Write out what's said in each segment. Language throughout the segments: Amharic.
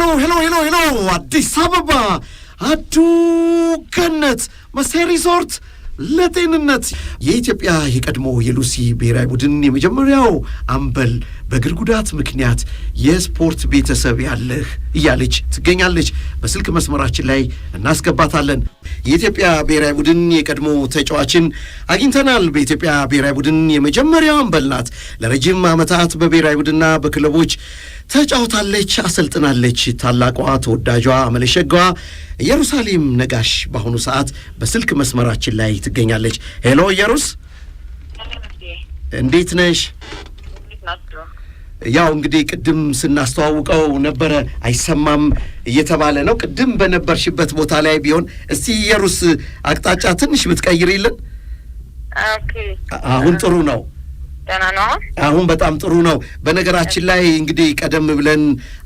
ሄሎ ሄሎ ሄሎ ሄሎ! አዲስ አበባ አዱ ገነት መሳይ ሪዞርት ለጤንነት የኢትዮጵያ የቀድሞ የሉሲ ብሔራዊ ቡድን የመጀመሪያው አምበል በእግር ጉዳት ምክንያት የስፖርት ቤተሰብ ያለህ እያለች ትገኛለች። በስልክ መስመራችን ላይ እናስገባታለን። የኢትዮጵያ ብሔራዊ ቡድን የቀድሞ ተጫዋችን አግኝተናል። በኢትዮጵያ ብሔራዊ ቡድን የመጀመሪያዋ አምበል ናት። ለረጅም ዓመታት በብሔራዊ ቡድንና በክለቦች ተጫውታለች፣ አሰልጥናለች። ታላቋ ተወዳጇ አመለሸጋዋ ኢየሩሳሌም ነጋሽ በአሁኑ ሰዓት በስልክ መስመራችን ላይ ትገኛለች። ሄሎ ኢየሩስ፣ እንዴት ነሽ? ያው እንግዲህ ቅድም ስናስተዋውቀው ነበረ አይሰማም እየተባለ ነው። ቅድም በነበርሽበት ቦታ ላይ ቢሆን እስቲ የሩስ አቅጣጫ ትንሽ ይልን አሁን ጥሩ ነው። ደህና ነው። አሁን በጣም ጥሩ ነው። በነገራችን ላይ እንግዲህ ቀደም ብለን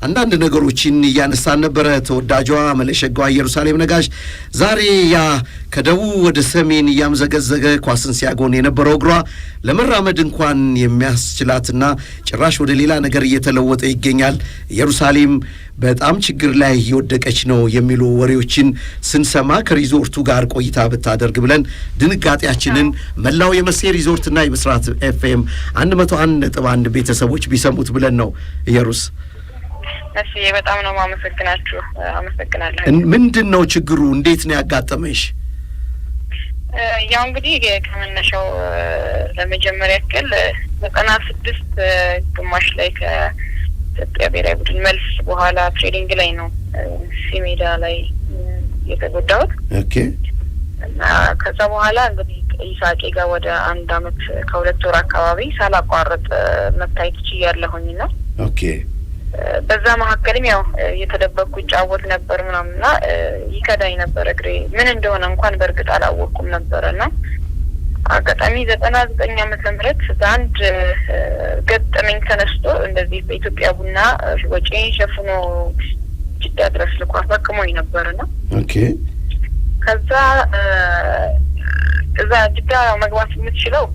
አንዳንድ ነገሮችን እያነሳን ነበረ። ተወዳጇ መለሸጋዋ ኢየሩሳሌም ነጋሽ ዛሬ ያ ከደቡብ ወደ ሰሜን እያምዘገዘገ ኳስን ሲያጎን የነበረው እግሯ ለመራመድ እንኳን የሚያስችላትና ጭራሽ ወደ ሌላ ነገር እየተለወጠ ይገኛል። ኢየሩሳሌም በጣም ችግር ላይ እየወደቀች ነው የሚሉ ወሬዎችን ስንሰማ ከሪዞርቱ ጋር ቆይታ ብታደርግ ብለን ድንጋጤያችንን መላው የመሴ ሪዞርትና የመስራት ኤፍኤም አንድ መቶ አንድ ነጥብ አንድ ቤተሰቦች ቢሰሙት ብለን ነው ኢየሩስ። እሺ በጣም ነው ማመሰግናችሁ። አመሰግናለሁ። ምንድን ነው ችግሩ? እንዴት ነው ያጋጠመሽ? ያው እንግዲህ ከመነሻው ለመጀመሪያ ያክል ዘጠና ስድስት ግማሽ ላይ ከኢትዮጵያ ብሔራዊ ቡድን መልስ በኋላ ትሬኒንግ ላይ ነው ሲሜዳ ላይ የተጎዳሁት እና ከዛ በኋላ እንግዲህ ይሳቄ ጋር ወደ አንድ አመት ከሁለት ወር አካባቢ ሳላቋረጥ መታየት ችያለሁኝ ነው። ኦኬ። በዛ መካከልም ያው እየተደበቅኩ ይጫወት ነበር ምናምን እና ይከዳኝ ነበር እግሬ ምን እንደሆነ እንኳን በእርግጥ አላወቅኩም ነበረ ና አጋጣሚ ዘጠና ዘጠኝ አመተ ምህረት በአንድ ገጠመኝ ተነስቶ እንደዚህ በኢትዮጵያ ቡና ወጪን ሸፍኖ ጅዳ ድረስ ልኮ አሳክሞኝ ነበር ነው። ኦኬ ከዛ እዛ ግዳ መግባት የምትችለው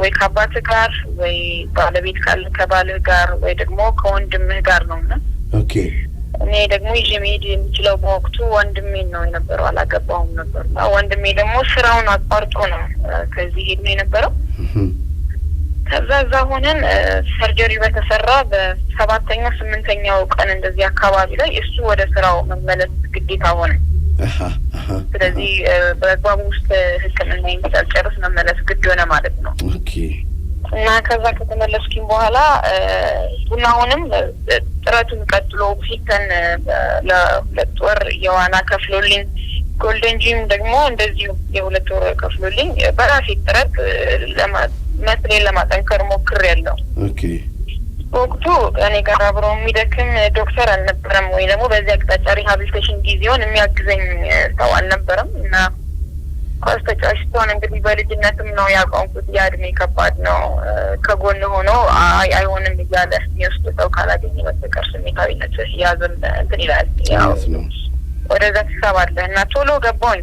ወይ ከአባት ጋር ወይ ባለቤት ካለ ከባልህ ጋር ወይ ደግሞ ከወንድምህ ጋር ነው እና እኔ ደግሞ ይዤ መሄድ የምችለው በወቅቱ ወንድሜን ነው የነበረው። አላገባውም ነበር። ወንድሜ ደግሞ ስራውን አቋርጦ ነው ከዚህ ሄድ ነው የነበረው። ከዛ እዛ ሆነን ሰርጀሪ በተሰራ በሰባተኛው ስምንተኛው ቀን እንደዚህ አካባቢ ላይ እሱ ወደ ስራው መመለስ ግዴታ ሆነ። ስለዚህ በአግባቡ ውስጥ ህክምና የሚጨርስ መመለስ ግድ ሆነ ማለት ነው። እና ከዛ ከተመለስኩኝ በኋላ ቡናውንም ጥረቱን ቀጥሎ ፊተን ለሁለት ወር የዋና ከፍሎልኝ ጎልደን ጂም ደግሞ እንደዚሁ የሁለት ወር ከፍሎልኝ በራሴ ጥረት መስሌን ለማጠንከር ሞክር ሞክሬያለሁ። በወቅቱ እኔ ጋር አብሮ የሚደክም ዶክተር አልነበረም፣ ወይ ደግሞ በዚህ አቅጣጫ ሪሀቢሊቴሽን ጊዜውን የሚያግዘኝ ሰው አልነበረም እና ኳስ ተጫዋች ስትሆን እንግዲህ በልጅነትም ነው ያቋንኩት። ያ ከባድ ነው። ከጎን ሆኖ አይሆንም እያለ የሚወስድ ሰው ካላገኘ በስተቀር ስሜታዊነት ያዘን እንትን ይላል። ወደዛ ትሳባለ እና ቶሎ ገባኝ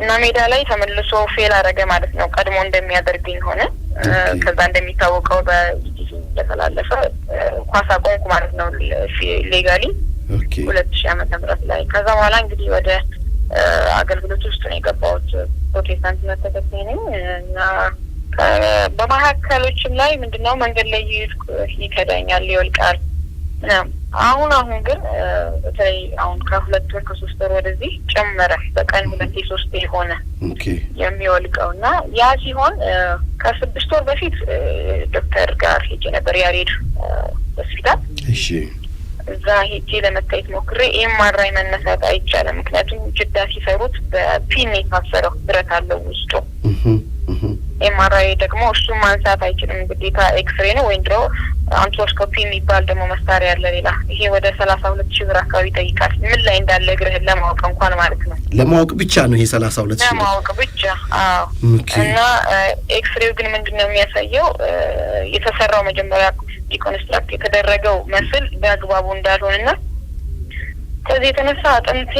እና ሜዳ ላይ ተመልሶ ፌል አረገ ማለት ነው። ቀድሞ እንደሚያደርግኝ ሆነ። ከዛ እንደሚታወቀው እንደተላለፈ ኳስ አቆምኩ ማለት ነው ሌጋሊ ሁለት ሺ አመተ ምህረት ላይ ከዛ በኋላ እንግዲህ ወደ አገልግሎት ውስጥ ነው የገባሁት። ፕሮቴስታንትነት ተከታይ ነኝ እና በመካከሎችም ላይ ምንድነው መንገድ ላይ ይከዳኛል፣ ይወልቃል። አሁን አሁን ግን በተለይ አሁን ከሁለት ወር ከሶስት ወር ወደዚህ ጨመረ። በቀን ሁለቴ ሶስቴ የሆነ የሚወልቀው እና ያ ሲሆን ከስድስት ወር በፊት ዶክተር ጋር ሄጄ ነበር ያሬድ ሆስፒታል። እሺ እዛ ሄጄ ለመታየት ሞክሬ ኤምአርአይ መነሳት አይቻልም። ምክንያቱም ጅዳ ሲሰሩት በፒን የታሰረው ብረት አለው ውስጡ ኤምአርአይ ደግሞ እሱ ማንሳት አይችልም ግዴታ ኤክስሬ ነው ወይም ድሮ አንትሮስኮፒ የሚባል ደግሞ መሳሪያ አለ ሌላ። ይሄ ወደ ሰላሳ ሁለት ሺህ ብር አካባቢ ይጠይቃል። ምን ላይ እንዳለ እግርህን ለማወቅ እንኳን ማለት ነው። ለማወቅ ብቻ ነው ይሄ ሰላሳ ሁለት ሺህ ለማወቅ ብቻ። አዎ። እና ኤክስሬው ግን ምንድን ነው የሚያሳየው የተሰራው መጀመሪያ ዲኮንስትራክት የተደረገው መስል በአግባቡ እንዳልሆንና ከዚህ የተነሳ አጥንቴ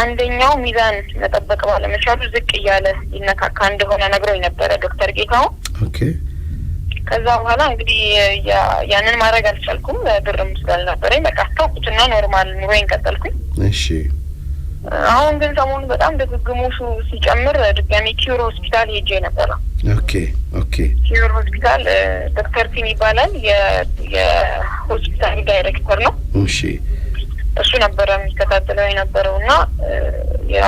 አንደኛው ሚዛን መጠበቅ ባለመቻሉ ዝቅ እያለ ይነካካ እንደሆነ ነግረው ነበረ ዶክተር ጌታው። ከዛ በኋላ እንግዲህ ያንን ማድረግ አልቻልኩም፣ ብርም ስላልነበረኝ በቃ አስታውኩትና ኖርማል ኑሮዬን ቀጠልኩኝ። እሺ አሁን ግን ሰሞኑ በጣም ድግግሞሹ ሲጨምር ድጋሜ ኪዮር ሆስፒታል ሄጄ ነበረ። ኦኬ ኦኬ። ኪዮር ሆስፒታል ዶክተር ቲም ይባላል፣ የሆስፒታል ዳይሬክተር ነው። እሺ እሱ ነበረ የሚከታተለው የነበረው እና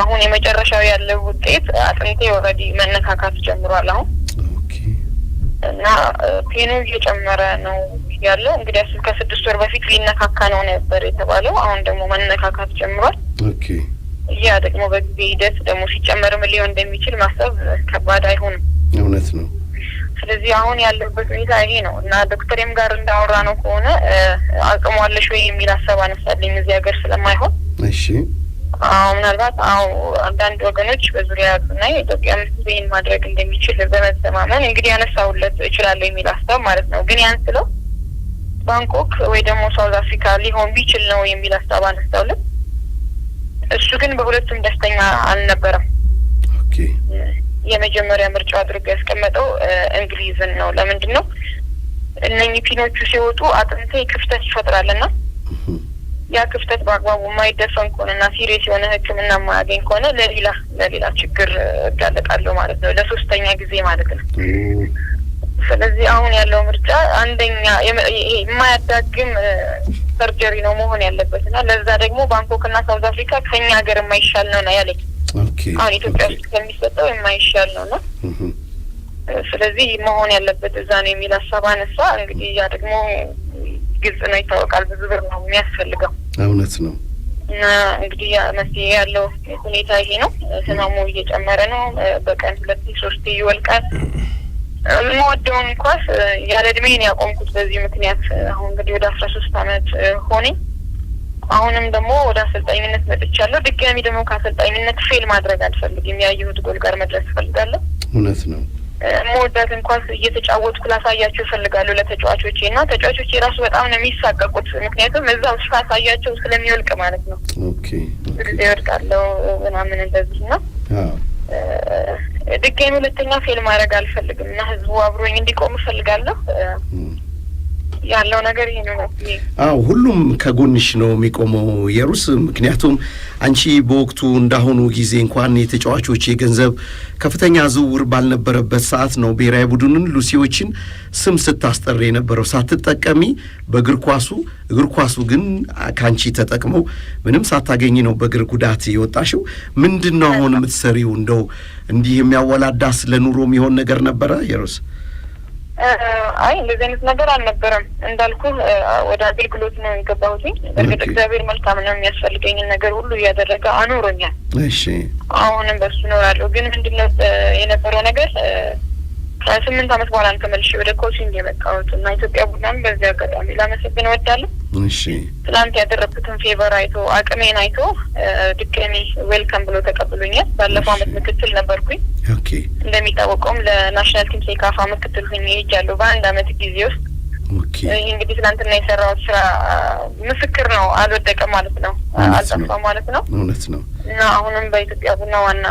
አሁን የመጨረሻው ያለው ውጤት አጥንቴ ወረዲ መነካካት ጀምሯል። አሁን እና ፔኑ እየጨመረ ነው ያለው። እንግዲህ እሱ ከስድስት ወር በፊት ሊነካካ ነው ነበር የተባለው። አሁን ደግሞ መነካካት ጀምሯል። ያ ደግሞ በጊዜ ሂደት ደግሞ ሲጨመርም ሊሆን እንደሚችል ማሰብ ከባድ አይሆንም። እውነት ነው። ስለዚህ አሁን ያለበት ሁኔታ ይሄ ነው እና ዶክተሬም ጋር እንዳወራ ነው ከሆነ አቅሟለሽ ወይ የሚል ሀሳብ አነሳለኝ እዚህ ሀገር ስለማይሆን እሺ አዎ ምናልባት አዎ አንዳንድ ወገኖች በዙሪያ ና የኢትዮጵያ ይህን ማድረግ እንደሚችል በመተማመን እንግዲህ ያነሳውለት እችላለሁ የሚል ሀሳብ ማለት ነው። ግን ያን ስለው ባንኮክ ወይ ደግሞ ሳውዝ አፍሪካ ሊሆን ቢችል ነው የሚል ሀሳብ አነሳውለት እሱ ግን በሁለቱም ደስተኛ አልነበረም። ኦኬ የመጀመሪያ ምርጫው አድርጎ ያስቀመጠው እንግሊዝን ነው። ለምንድን ነው እነኚህ ፒኖቹ ሲወጡ አጥንቴ ክፍተት ይፈጥራልና ያ ክፍተት በአግባቡ የማይደፈን ና ሲሪየስ የሆነ ሕክምና የማያገኝ ከሆነ ለሌላ ለሌላ ችግር እጋለጣለሁ ማለት ነው፣ ለሶስተኛ ጊዜ ማለት ነው። ስለዚህ አሁን ያለው ምርጫ አንደኛ የማያዳግም ሰርጀሪ ነው መሆን ያለበት ና ለዛ ደግሞ ና ሳውዝ አፍሪካ ከኛ ሀገር የማይሻል ነው ና ያለኝ አሁን ኢትዮጵያ ውስጥ ከሚሰጠው የማይሻል ነው ስለዚህ መሆን ያለበት እዛ ነው የሚል ሀሳብ አነሳ። እንግዲህ ያ ደግሞ ግልጽ ነው፣ ይታወቃል። ብዙ ብር ነው የሚያስፈልገው። እውነት ነው። እና እንግዲህ መፍትሄ ያለው ሁኔታ ይሄ ነው። ህመሙ እየጨመረ ነው። በቀን ሁለት ሶስት ይወልቃል። የምወደውን ኳስ ያለ እድሜን ያቆምኩት በዚህ ምክንያት አሁን እንግዲህ ወደ አስራ ሶስት አመት ሆነኝ። አሁንም ደግሞ ወደ አሰልጣኝነት መጥቻለሁ። ድጋሚ ደግሞ ከአሰልጣኝነት ፌል ማድረግ አልፈልግም። ያየሁት ጎል ጋር መድረስ እፈልጋለሁ። እውነት ነው። መወዳት እንኳን እየተጫወትኩ ላሳያቸው እፈልጋለሁ ለተጫዋቾቼ እና ተጫዋቾቼ ራሱ በጣም ነው የሚሳቀቁት። ምክንያቱም እዛው ሳሳያቸው ስለሚወልቅ ማለት ነው። ኦኬ ይወድቃለው ምናምን እንደዚህ ነው ድጋሚ ሁለተኛ ፌል ማድረግ አልፈልግም እና ህዝቡ አብሮኝ እንዲቆም እፈልጋለሁ። ያለው ነገር ይሄ ነው። አዎ ሁሉም ከጎንሽ ነው የሚቆመው የሩስ። ምክንያቱም አንቺ በወቅቱ እንዳሁኑ ጊዜ እንኳን የተጫዋቾች የገንዘብ ከፍተኛ ዝውውር ባልነበረበት ሰዓት ነው ብሔራዊ ቡድንን ሉሲዎችን ስም ስታስጠር የነበረው ሳትጠቀሚ በእግር ኳሱ እግር ኳሱ ግን ከአንቺ ተጠቅመው ምንም ሳታገኝ ነው በእግር ጉዳት የወጣሽው። ምንድን ነው አሁን የምትሰሪው? እንደው እንዲህ የሚያወላዳ ስለ ኑሮ የሚሆን ነገር ነበረ የሩስ? አይ እንደዚህ አይነት ነገር አልነበረም። እንዳልኩ ወደ አገልግሎት ነው የገባሁት በእርግጥ እግዚአብሔር መልካም ነው፣ የሚያስፈልገኝን ነገር ሁሉ እያደረገ አኖሮኛል። እሺ አሁንም በሱ ነው ያለው። ግን ምንድነው የነበረው ነገር ከስምንት ዓመት በኋላ ተመልሼ ወደ ኮሲንግ የመጣሁት እና ኢትዮጵያ ቡናን በዚህ አጋጣሚ ላመሰግን እወዳለሁ። እሺ ትናንት ያደረግኩትን ፌቨር አይቶ አቅሜን አይቶ ድጋሜ ዌልካም ብሎ ተቀብሎኛል። ባለፈው አመት ምክትል ነበርኩኝ። ኦኬ እንደሚታወቀውም ለናሽናል ቲም ሴካፋ ምክትል ሁኝ ሄጃለሁ በአንድ አመት ጊዜ ውስጥ። ይህ እንግዲህ ትናንትና የሰራሁት ስራ ምስክር ነው። አልወደቀም ማለት ነው፣ አልጠፋም ማለት ነው። እውነት ነው እና አሁንም በኢትዮጵያ ቡና ዋና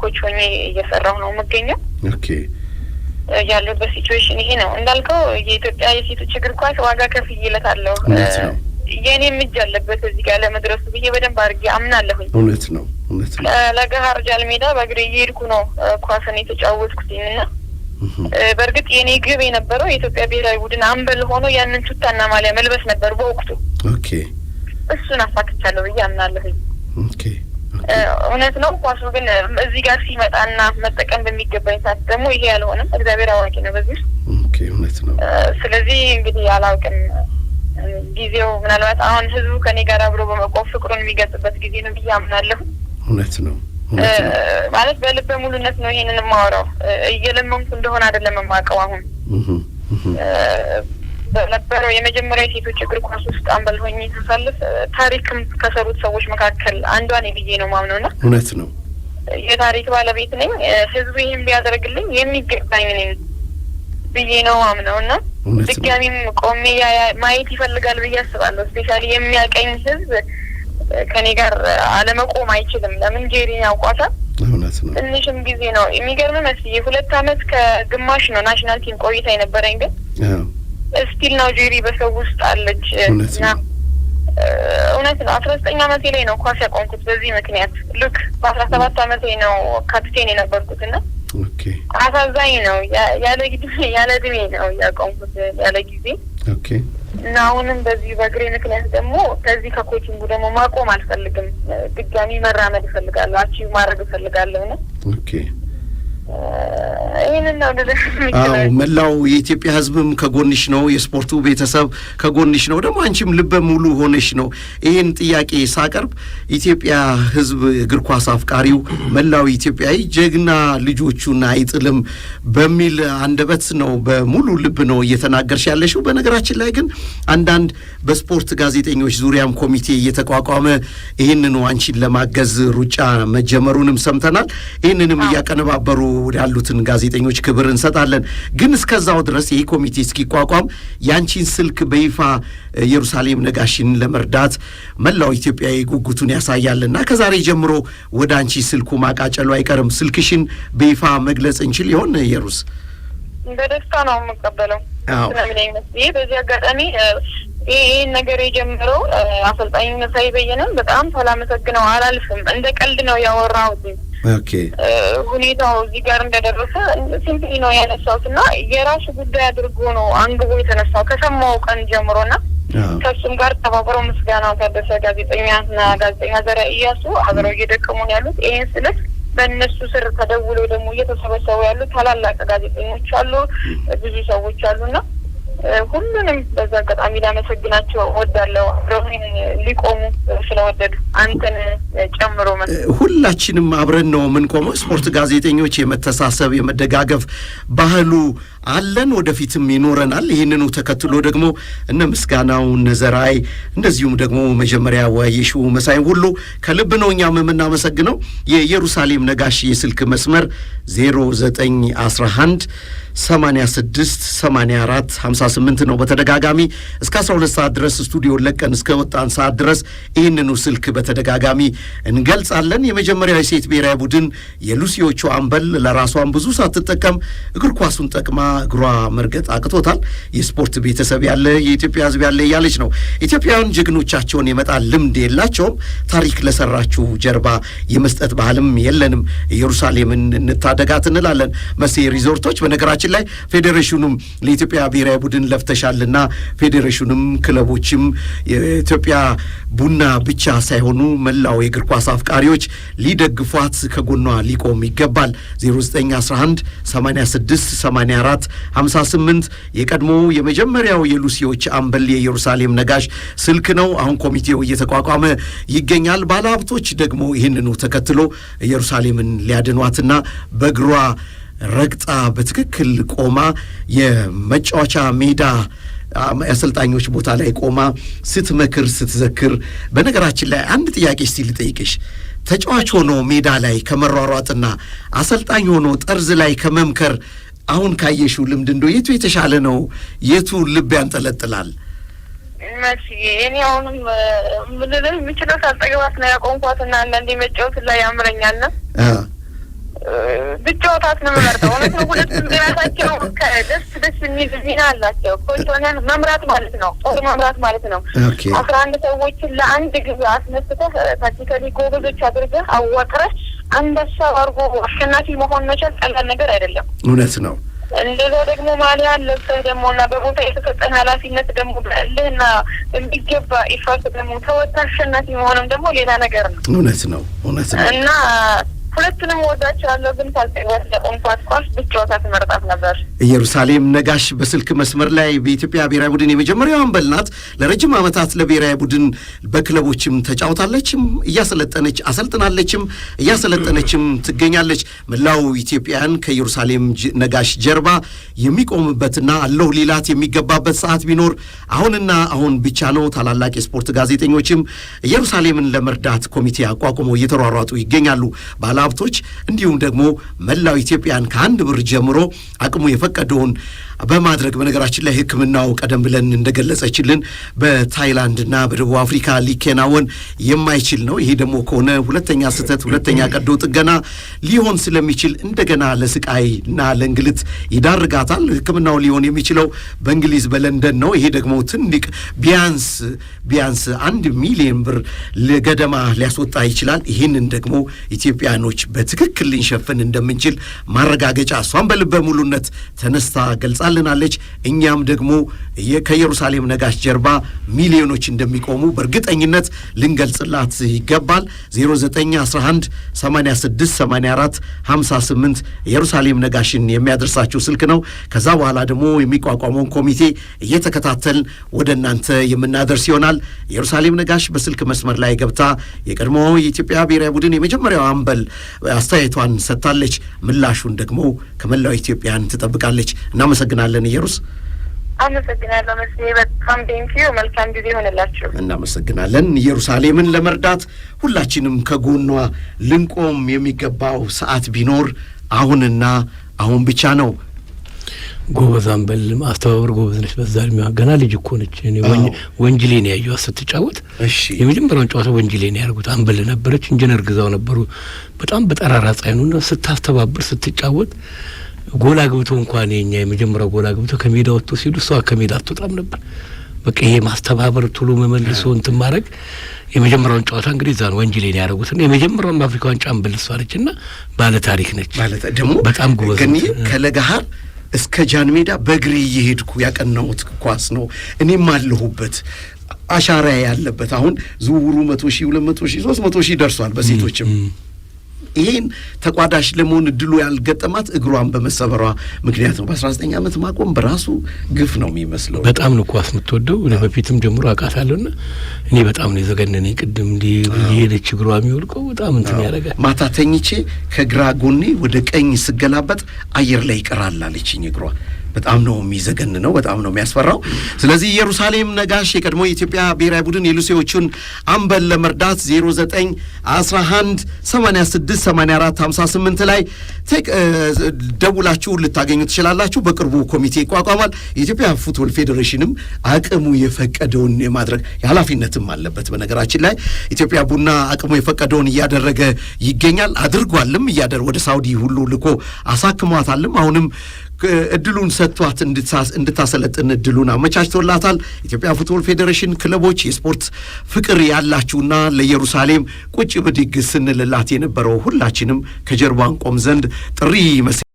ኮች ሆኜ እየሰራሁ ነው የምገኘው። ኦኬ ያለበት ሲትዌሽን ይሄ ነው። እንዳልከው የኢትዮጵያ የሴቶች እግር ኳስ ዋጋ ከፍዬለታለሁ። የእኔ እጅ አለበት እዚህ ጋር ለመድረሱ ብዬ በደንብ አድርጌ አምናለሁኝ። እውነት ነው፣ እውነት ነው። ለገሀር ጃል ሜዳ በእግሬ እየሄድኩ ነው ኳስን የተጫወትኩትኝ እና በእርግጥ የእኔ ግብ የነበረው የኢትዮጵያ ብሔራዊ ቡድን አምበል ሆኖ ያንን ቱታና ማሊያ መልበስ ነበር በወቅቱ። ኦኬ፣ እሱን አሳክቻለሁ ብዬ አምናለሁኝ። ኦኬ እውነት ነው። ኳሱ ግን እዚህ ጋር ሲመጣና መጠቀም በሚገባኝ ሰዓት ደግሞ ይሄ ያልሆነም እግዚአብሔር አዋቂ ነው በዚህ እውነት ነው። ስለዚህ እንግዲህ አላውቅም ጊዜው ምናልባት አሁን ህዝቡ ከኔ ጋር አብሮ በመቆም ፍቅሩን የሚገልጽበት ጊዜ ነው ብዬ አምናለሁ። እውነት ነው ማለት በልበ ሙሉነት ነው ይሄንን የማወራው። እየለመንኩ እንደሆነ አይደለም የማውቀው አሁን በነበረው የመጀመሪያ የሴቶች እግር ኳስ ውስጥ አምበል ሆኜ ሳሳልፍ ታሪክም ከሰሩት ሰዎች መካከል አንዷ ነኝ ብዬ ነው ማምነው እና እውነት ነው የታሪክ ባለቤት ነኝ። ህዝቡ ይህን ቢያደርግልኝ የሚገባኝ ነኝ ብዬ ነው ማምነው እና ድጋሚም ቆሜ ማየት ይፈልጋል ብዬ አስባለሁ። ስፔሻሊ የሚያቀኝ ህዝብ ከኔ ጋር አለመቆም አይችልም። ለምን ጄሪን ያውቋታል። ትንሽም ጊዜ ነው የሚገርም መስዬ ሁለት አመት ከግማሽ ነው ናሽናል ቲም ቆይታ የነበረኝ ግን እስቲል ጄሪ በሰው ውስጥ አለች እና እውነት ነው። አስራ ዘጠኝ አመቴ ላይ ነው ኳስ ያቆምኩት በዚህ ምክንያት። ልክ በአስራ ሰባት አመቴ ነው ካፕቴን የነበርኩት እና አሳዛኝ ነው። ያለ ያለ እድሜ ነው ያቆምኩት ያለ ጊዜ እና አሁንም በዚህ በእግሬ ምክንያት ደግሞ ከዚህ ከኮችንጉ ደግሞ ማቆም አልፈልግም። ድጋሚ መራመድ እፈልጋለሁ። አቺቭ ማድረግ እፈልጋለሁ ነው አዎ መላው የኢትዮጵያ ሕዝብም ከጎንሽ ነው፣ የስፖርቱ ቤተሰብ ከጎንሽ ነው። ደግሞ አንቺም ልበ ሙሉ ሆነሽ ነው ይህን ጥያቄ ሳቀርብ ኢትዮጵያ ሕዝብ እግር ኳስ አፍቃሪው መላው ኢትዮጵያዊ ጀግና ልጆቹን አይጥልም በሚል አንደበት ነው በሙሉ ልብ ነው እየተናገርሽ ያለሽው። በነገራችን ላይ ግን አንዳንድ በስፖርት ጋዜጠኞች ዙሪያም ኮሚቴ እየተቋቋመ ይህንኑ አንቺን ለማገዝ ሩጫ መጀመሩንም ሰምተናል። ይህንንም እያቀነባበሩ ያሉትን ጋዜጠኞች ክብር እንሰጣለን። ግን እስከዛው ድረስ ይህ ኮሚቴ እስኪቋቋም ያንቺን ስልክ በይፋ ኢየሩሳሌም ነጋሽን ለመርዳት መላው ኢትዮጵያዊ ጉጉቱን ያሳያልና ከዛሬ ጀምሮ ወደ አንቺ ስልኩ ማቃጨሉ አይቀርም። ስልክሽን በይፋ መግለጽ እንችል ይሆን? ኢየሩስ በደስታ ነው የምቀበለው። ይህ በዚህ አጋጣሚ ይህን ነገር የጀመረው አሰልጣኝ መሳይ በየነም በጣም ሳላመሰግነው አላልፍም። እንደ ቀልድ ነው ያወራሁት ሁኔታው እዚህ ጋር እንደደረሰ ስንት ነው ያነሳሁት እና የራሱ ጉዳይ አድርጎ ነው አንግቦ የተነሳው ከሰማው ቀን ጀምሮ ና ከሱም ጋር ተባብረው ምስጋና ታደሰ ጋዜጠኛ ና ጋዜጠኛ ዘራ እያሱ አብረው እየደቀሙን ያሉት ይህን ስልክ በእነሱ ስር ተደውሎ ደግሞ እየተሰበሰቡ ያሉ ታላላቅ ጋዜጠኞች አሉ፣ ብዙ ሰዎች አሉ ና ሁሉንም በዛ አጋጣሚ ላመሰግናቸው ወዳለው አብረውን ሊቆሙ ስለወደዱ አንተን ጨምሮ ሁላችንም አብረን ነው የምንቆመው። ስፖርት ጋዜጠኞች የመተሳሰብ የመደጋገፍ ባህሉ አለን፣ ወደፊትም ይኖረናል። ይህንኑ ተከትሎ ደግሞ እነ ምስጋናው እነ ዘራይ እንደዚሁም ደግሞ መጀመሪያ ወየሹ መሳይ ሁሉ ከልብ ነው እኛም የምናመሰግነው። የኢየሩሳሌም ነጋሽ የስልክ መስመር 0911 86 84 58 ነው። በተደጋጋሚ እስከ 12 ሰዓት ድረስ ስቱዲዮን ለቀን እስከ ወጣን ሰዓት ድረስ ይህንኑ ስልክ በተደጋጋሚ እንገልጻለን። የመጀመሪያው የሴት ብሔራዊ ቡድን የሉሲዎቹ አምበል ለራሷን ብዙ ሳትጠቀም እግር ኳሱን ጠቅማ እግሯ መርገጥ አቅቶታል። የስፖርት ቤተሰብ ያለ የኢትዮጵያ ሕዝብ ያለ እያለች ነው። ኢትዮጵያውያን ጀግኖቻቸውን የመጣል ልምድ የላቸውም። ታሪክ ለሰራችሁ ጀርባ የመስጠት ባህልም የለንም። ኢየሩሳሌምን እንታደጋት እንላለን። መሴ ሪዞርቶች በነገራችን ላይ ፌዴሬሽኑም ለኢትዮጵያ ብሔራዊ ቡድን ለፍተሻልና ፌዴሬሽኑም ክለቦችም የኢትዮጵያ ቡና ብቻ ሳይሆኑ መላው የእግር ኳስ አፍቃሪዎች ሊደግፏት ከጎኗ ሊቆም ይገባል። 0911 86 84 58 የቀድሞ የመጀመሪያው የሉሲዎች አምበል የኢየሩሳሌም ነጋሽ ስልክ ነው። አሁን ኮሚቴው እየተቋቋመ ይገኛል። ባለሀብቶች ደግሞ ይህንኑ ተከትሎ ኢየሩሳሌምን ሊያድኗትና በእግሯ ረግጣ በትክክል ቆማ የመጫወቻ ሜዳ አሰልጣኞች ቦታ ላይ ቆማ ስትመክር ስትዘክር። በነገራችን ላይ አንድ ጥያቄ እስቲ ልጠይቅሽ። ተጫዋች ሆኖ ሜዳ ላይ ከመሯሯጥና አሰልጣኝ ሆኖ ጠርዝ ላይ ከመምከር አሁን ካየሽው ልምድ እንደው የቱ የተሻለ ነው? የቱ ልብ ያንጠለጥላል? መሲዬ እኔ አሁንም ምልልህ የምችለው ሳጠግባት ነው ያቆምኳትና አንዳንዴ መጫወት ላይ ያምረኛል ነው ብቻወታት ነው የምመርጠው። እውነት ነው። ሁለቱም ደስ የሚል አላቸው። መምራት ማለት ነው፣ ጦር መምራት ማለት ነው። አስራ አንድ ሰዎችን ለአንድ ግብ አስነስተህ ታክቲካሊ ጎበዞች አድርገህ አዋቅረህ አንበሳ አሸናፊ መሆን መቻል ቀላል ነገር አይደለም። እውነት ነው። እንደዛ ደግሞ ማሊያ ለብሰህ ደግሞ እና በቦታ የተሰጠን ኃላፊነት ደግሞ በእልህና የሚገባ ኢፋርት ደግሞ ተወጥተህ አሸናፊ መሆንም ደግሞ ሌላ ነገር ነው። እውነት ነው። እውነት ነው እና ሁለቱንም ወዳቸዋለሁ ግን ካልጠቆምኳት ኳስ ብቻዋታ ትመርጣት ነበር። ኢየሩሳሌም ነጋሽ በስልክ መስመር ላይ በኢትዮጵያ ብሔራዊ ቡድን የመጀመሪያው አምበል ናት። ለረጅም ዓመታት ለብሔራዊ ቡድን በክለቦችም ተጫውታለችም፣ እያሰለጠነች አሰልጥናለችም፣ እያሰለጠነችም ትገኛለች። መላው ኢትዮጵያን ከኢየሩሳሌም ነጋሽ ጀርባ የሚቆምበትና አለሁ ሊላት የሚገባበት ሰዓት ቢኖር አሁንና አሁን ብቻ ነው። ታላላቅ የስፖርት ጋዜጠኞችም ኢየሩሳሌምን ለመርዳት ኮሚቴ አቋቁመው እየተሯሯጡ ይገኛሉ። ባላ ባለሀብቶች እንዲሁም ደግሞ መላው ኢትዮጵያን ከአንድ ብር ጀምሮ አቅሙ የፈቀደውን በማድረግ በነገራችን ላይ ሕክምናው ቀደም ብለን እንደገለጸችልን በታይላንድና በደቡብ አፍሪካ ሊከናወን የማይችል ነው። ይሄ ደግሞ ከሆነ ሁለተኛ ስህተት፣ ሁለተኛ ቀዶ ጥገና ሊሆን ስለሚችል እንደገና ለስቃይና ለእንግልት ይዳርጋታል። ሕክምናው ሊሆን የሚችለው በእንግሊዝ በለንደን ነው። ይሄ ደግሞ ትልቅ ቢያንስ ቢያንስ አንድ ሚሊዮን ብር ገደማ ሊያስወጣ ይችላል። ይህንን ደግሞ ኢትዮጵያኖች በትክክል ልንሸፍን እንደምንችል ማረጋገጫ እሷን በልበ ሙሉነት ተነስታ ገልጻ ትመጣልናለች። እኛም ደግሞ ከኢየሩሳሌም ነጋሽ ጀርባ ሚሊዮኖች እንደሚቆሙ በእርግጠኝነት ልንገልጽላት ይገባል። 0911868458 58 ኢየሩሳሌም ነጋሽን የሚያደርሳችሁ ስልክ ነው። ከዛ በኋላ ደግሞ የሚቋቋመውን ኮሚቴ እየተከታተልን ወደ እናንተ የምናደርስ ይሆናል። ኢየሩሳሌም ነጋሽ በስልክ መስመር ላይ ገብታ የቀድሞ የኢትዮጵያ ብሔራዊ ቡድን የመጀመሪያው አምበል አስተያየቷን ሰጥታለች። ምላሹን ደግሞ ከመላው ኢትዮጵያን ትጠብቃለች። እናመሰግናለን። እናመሰግናለን ኢየሩስ። አመሰግናለሁ መስ በጣም ቴንኪዩ። መልካም ጊዜ ሆነላችሁ። እናመሰግናለን። ኢየሩሳሌምን ለመርዳት ሁላችንም ከጎኗ ልንቆም የሚገባው ሰዓት ቢኖር አሁንና አሁን ብቻ ነው። ጎበዝ አንበል አስተባበር ጎበዝ ነች። በዛ እድሜዋ ገና ልጅ እኮ ነች። ወንጅሌ ነው ያየኋት ስትጫወት። የመጀመሪያውን ጨዋታ ወንጅሌ ነው ያደርጉት። አንበል ነበረች፣ ኢንጂነር ግዛው ነበሩ። በጣም በጠራራ ፀሐይ ነው እና ስታስተባብር ስትጫወት ጎል አግብቶ እንኳን የኛ የመጀመሪያው ጎል አግብቶ ከሜዳ ወጥቶ ሲሉ እሷ ከሜዳ አትወጣም ነበር። በቃ ይሄ ማስተባበር ቶሎ መመልሶ እንትን ማድረግ የመጀመሪያውን ጨዋታ እንግዲህ እዛ ነው ወንጅሌ ነው ያደረጉት ና የመጀመሪያውን አፍሪካ ዋንጫ አንበልሷ ና ባለ ታሪክ ነች። ደግሞ በጣም ጎበዝ ከለጋሀር እስከ ጃን ሜዳ በእግሬ እየሄድኩ ያቀናሁት ኳስ ነው እኔም አለሁበት አሻራ ያለበት አሁን ዝውውሩ መቶ ሺህ ሁለት መቶ ሺህ ሶስት መቶ ሺህ ደርሷል በሴቶችም ይህን ተቋዳሽ ለመሆን እድሉ ያልገጠማት እግሯን በመሰበሯ ምክንያት ነው በአስራ ዘጠኝ ዓመት ማቆም በራሱ ግፍ ነው የሚመስለው። በጣም ነው ኳስ የምትወደው። እኔ በፊትም ጀምሮ አውቃታለሁና እኔ በጣም ነው የዘገነነኝ። ቅድም እንዲህ የሄደች እግሯ የሚወልቀው በጣም እንትን ያደርጋል። ማታ ተኝቼ ከግራ ጎኔ ወደ ቀኝ ስገላበጥ አየር ላይ ይቀራል አለችኝ እግሯ። በጣም ነው የሚዘገን ነው፣ በጣም ነው የሚያስፈራው። ስለዚህ ኢየሩሳሌም ነጋሽ የቀድሞ የኢትዮጵያ ብሔራዊ ቡድን የሉሴዎቹን አምበል ለመርዳት 09 11 86 84 58 ላይ ደውላችሁ ልታገኙ ትችላላችሁ። በቅርቡ ኮሚቴ ይቋቋማል። የኢትዮጵያ ፉትቦል ፌዴሬሽንም አቅሙ የፈቀደውን የማድረግ ኃላፊነትም አለበት። በነገራችን ላይ ኢትዮጵያ ቡና አቅሙ የፈቀደውን እያደረገ ይገኛል። አድርጓልም እያደር ወደ ሳውዲ ሁሉ ልኮ አሳክሟታልም አሁንም እድሉን ሰጥቷት እንድታሰለጥን እድሉን አመቻችቶላታል። ኢትዮጵያ ፉትቦል ፌዴሬሽን ክለቦች የስፖርት ፍቅር ያላችሁና ለኢየሩሳሌም ቁጭ ብድግ ስንልላት የነበረው ሁላችንም ከጀርባን ቆም ዘንድ ጥሪ መስ